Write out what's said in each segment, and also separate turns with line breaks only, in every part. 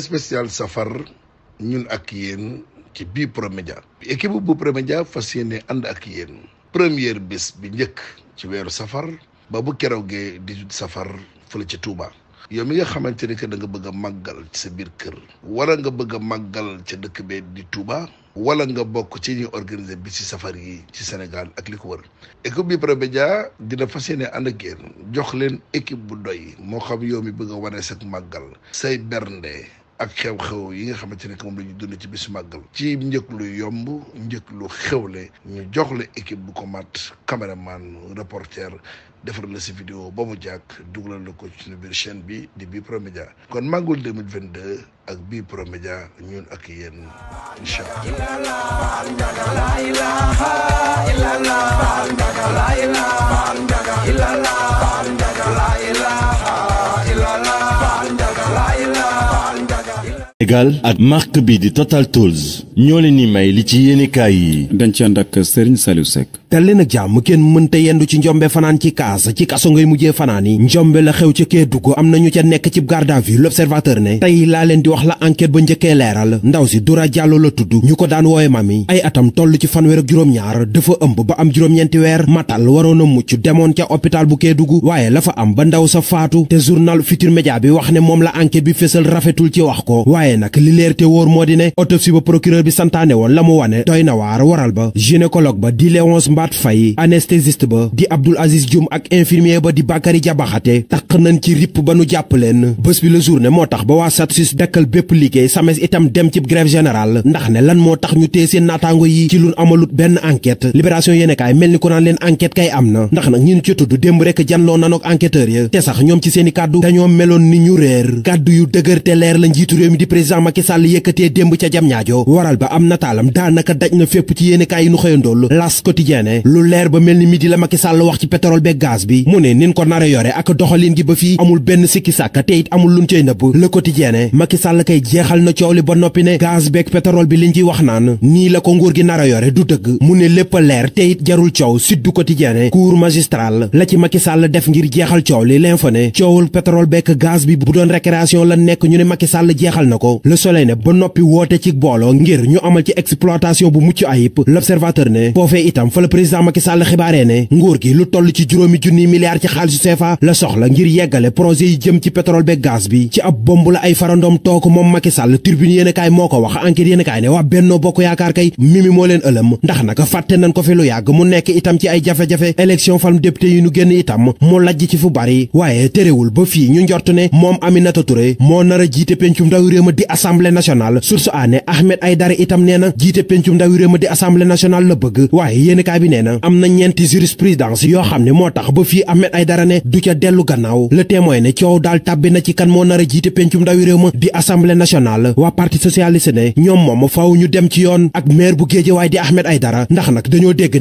spécial safar ñun ak yéen ci bii promédia équipe bu promédia fas yéene ànd ak yéen première bés bi njëkk ci weeru safar ba bu keroogee di safar fële ci Touba. yow mi nga xamante ni que da nga bëgg a màggal ci sa biir kër wala nga bëgg a màggal ca dëkk bee di Touba wala nga bokk ci ñuy organiser bi ci safar yi ci Sénégal ak li ko wër équipe bi Promedia dina fas yéene ànd ak yéen jox leen équipe bu doy moo xam yow mi bëgg a wane sa màggal say bernde ak xew-xew yi nga xamante ne moom la ñu dund ci bis màggal ci njëkk yomb njëkk lu ñu jox la équipe bu ko mat caméraman reporter defar la si vidéo ba mu jàkk dugalal la ko ci suñu biir chaîne bi di Bi Pro Média kon màggul 2022 ak Bi Pro Média ñun ak yéen incha allah.
égal ak di Total Tools ñoo leen ni may li ci yéenekaay yi dañ ci ànd ak Serigne Saliou Seck dal leen ak jàmm kenn mënta yendu ci njombe fanaan ci kaas ci kaso ngay mujjee fanaan yi njombe la xew ca Kédougou am na ñu ca nekk ci garde à vue l'observateur ne tey laa leen di wax la enquête ba njëkkee leeral ndaw si Dura Diallo la tudd ñu ko daan wooye mami ay atam toll ci fanweer ak juróom-ñaar dafa ëmb ba am juróom-ñeenti weer matal waroon a mucc demoon ca hôpital bu Kédougou waaye la fa am ba ndaw sa faatu te journal Futurs Médias bi wax ne moom la enquête bi fésal rafetul ci wax waaye nag li leer te wóor moo di ne autopsie ba procureur bi santaane woon la mu wane doy na waar waral ba gynécologue ba di Léonce Mbaat Faye anesthésiste ba di Abdoul Aziz Dioum ak infirmier ba di Bakary Diabaxate taq nañ ci ripp ba nu jàpp leen bés bi la journée moo tax ba waa SATSUS dakkal bépp liggéey SAMES itam dem ci grève générale ndax ne lan moo tax ñu téye seen naataango yi ci luñ amalut benn enquête libération yéene kaay mel ni ko naan leen enquête kay am na ndax président Macky Sall yëkkatee démb ca jam ñaajo waral ba am nataalam daanaka daj na fépp ci yéenekaay yi nu xëyandool las quotidien lu leer ba mel ni midi la Macky Sall wax ci pétrole beeg gaz bi mu ne nin ko nara yore ak doxalin gi ba fii amul benn sikki sàkk te it amul luñ cay nëbb le quotidien Macky Sall kay jeexal na coow li ba noppi ne gaz beeg pétrole bi liñ ciy wax naan nii la ko nguur gi nara yore du dëgg mu ne lépp a leer te it jarul coow sud du quotidien la ci Macky Sall def ngir jeexal coow li l'info ne coowul bi bu doon la nekk ñu ne Macky Sall na ko ko le soleil ne ba noppi woote ci booloo ngir ñu amal ci exploitation bu mucc ayib l'observateur ne foofee itam fa la président Macky Sall xibaaree ne nguur gi lu toll ci juróomi junniy milliards ci xaalisu CFA la soxla ngir yeggale projet yi jëm ci pétrole beeg gaz bi ci ab bomb la ay farandoom toog moom Macky Sall turbine yéen a moo ko wax enquête yéen a ne waa Benno Bokk Yaakaar kay mimi moo leen ëlëm ndax naka fàtte nañ ko fi lu yàgg mu nekk a di assemblée nationale source a ne Ahmed Aidara itam nee na jiite pencum ndawi réew ma di assemblée nationale la bëgg waaye yéenekaay bi nee na am na ñeenti jurisprudence yoo xam ne moo tax ba fii Ahmed Aidara ne du ca dellu gannaaw le témoin ne coow daal tàbbi na ci kan moo nar a jiite pencum ndawi réew ma di assemblée nationale waa parti socialiste ne ñoom moom faaw ñu dem ci yoon ak maire bu Guédiawaye di Ahmed Aidara ndax nag dañoo dégg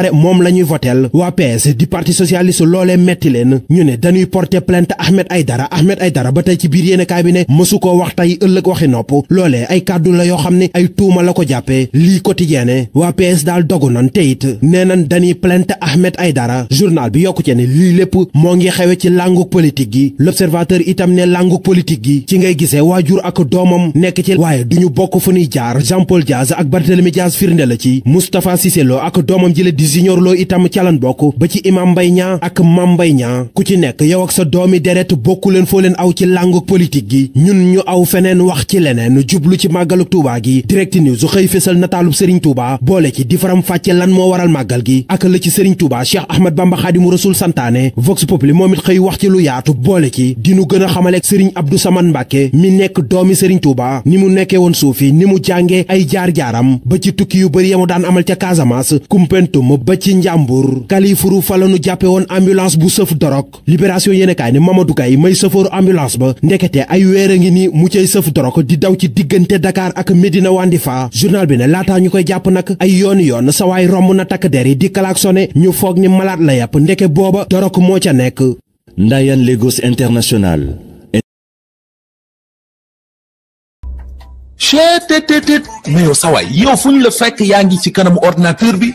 a moom la ñuy voteel waa PS di parti socialiste loolee metti leen ñu ne dañuy porter plainte Ahmed Aydara Ahmed Aydara ba tey ci biir yéenekaay bi ne mësu koo ëllëg waxi nopp loolee ay kàddu la yoo xam ne ay tuuma la ko jàppee lii quotidien ne waa PS daal dogu nan te nee nan dañuy plainte Ahmed Aydara journal bi yokku ci ne lii lépp moo ngi xewe ci làngug politique gi l'observateur itam ne làngug politique gi ci ngay gisee waajur ak doomam nekk ci waaye duñu bokk fu ak Barthélemy Mourlo itam ca lan bokk ba ci imam Mbaye Niang ak Mame Mbaye Niang ku ci nekk yow ak sa doomi deret bokku foo leen aw ci làngu politique gi ñun ñu aw feneen wax ci leneen jublu ci màggalu Tuubaa gi Direct News xëy fésal nataalub Serigne Touba boole ci di faram fàcce lan moo waral màggal gi ak la ci Serigne Touba Cheikh Ahmad Bamba Xaadimu Rasuul santaane Vox Populi moom it xëy wax ci lu yaatu boole ci dinu gën a xamale Serigne Abdou Samane Mbàkke mi nekk doomi ni mu nekkee woon suufi ni mu jànge ay jaar-jaaram ba ci tukki yu bëri yamu ci njàmbur kalifuru fa lanu jàppe woon ambulance bu a ngi di daw ci diggante Dakar ak Médina Wandifa bi ne laataa koy jàpp nag ay yoon yoon sawaay na takk der di klaxonné ñu foog ni malaat la yàpp moo ca nekk Ndayan Lagos International
cheetetetet yow
fu ñu la fekk yaa ngi ci kanamu ordinateur bi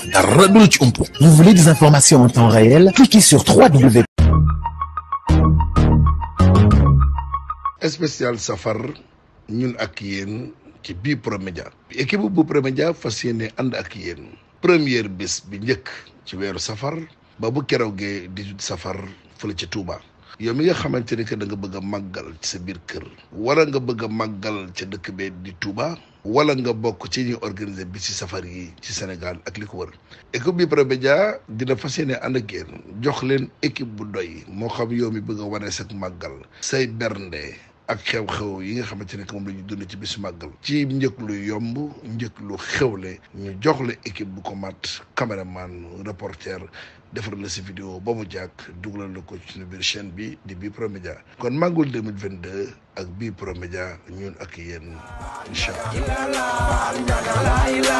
dara du la ci ump. Vous voulez des informations en temps réel? Cliquez sur 3W.
spécial safar ñun ak yéen ci bii promédia équipe bu promédia fas yéene ànd ak yéen première bés bi njëkk ci weeru safar ba bu keroog gee 18 safar fële ci Touba yow mi nga xamante ni que da nga bëgg a màggal ci sa biir kër wala nga bëgg a màggal ca dëkk bee di Touba wala nga bokk ci ñuy organiser bi ci safar yi ci Sénégal ak li ko wër équipe bi Bprod-Média dina fas yéene ànd ak yéen jox leen équipe bu doy moo xam yow mi bëgg a wane sa màggal say bernde ak xew-xew yi nga xamante ne moom la ñu ci bis màggal ci njëkk lu yomb njëkk lu xewle ñu jox la équipe bu ko mat caméraman reporter defar la si vidéo ba mu jàkk dugalal la ko ci suñu biir chaîne bi di Bi Pro Média kon màggul 2022 ak Bi Pro Média ñun ak yéen incha allah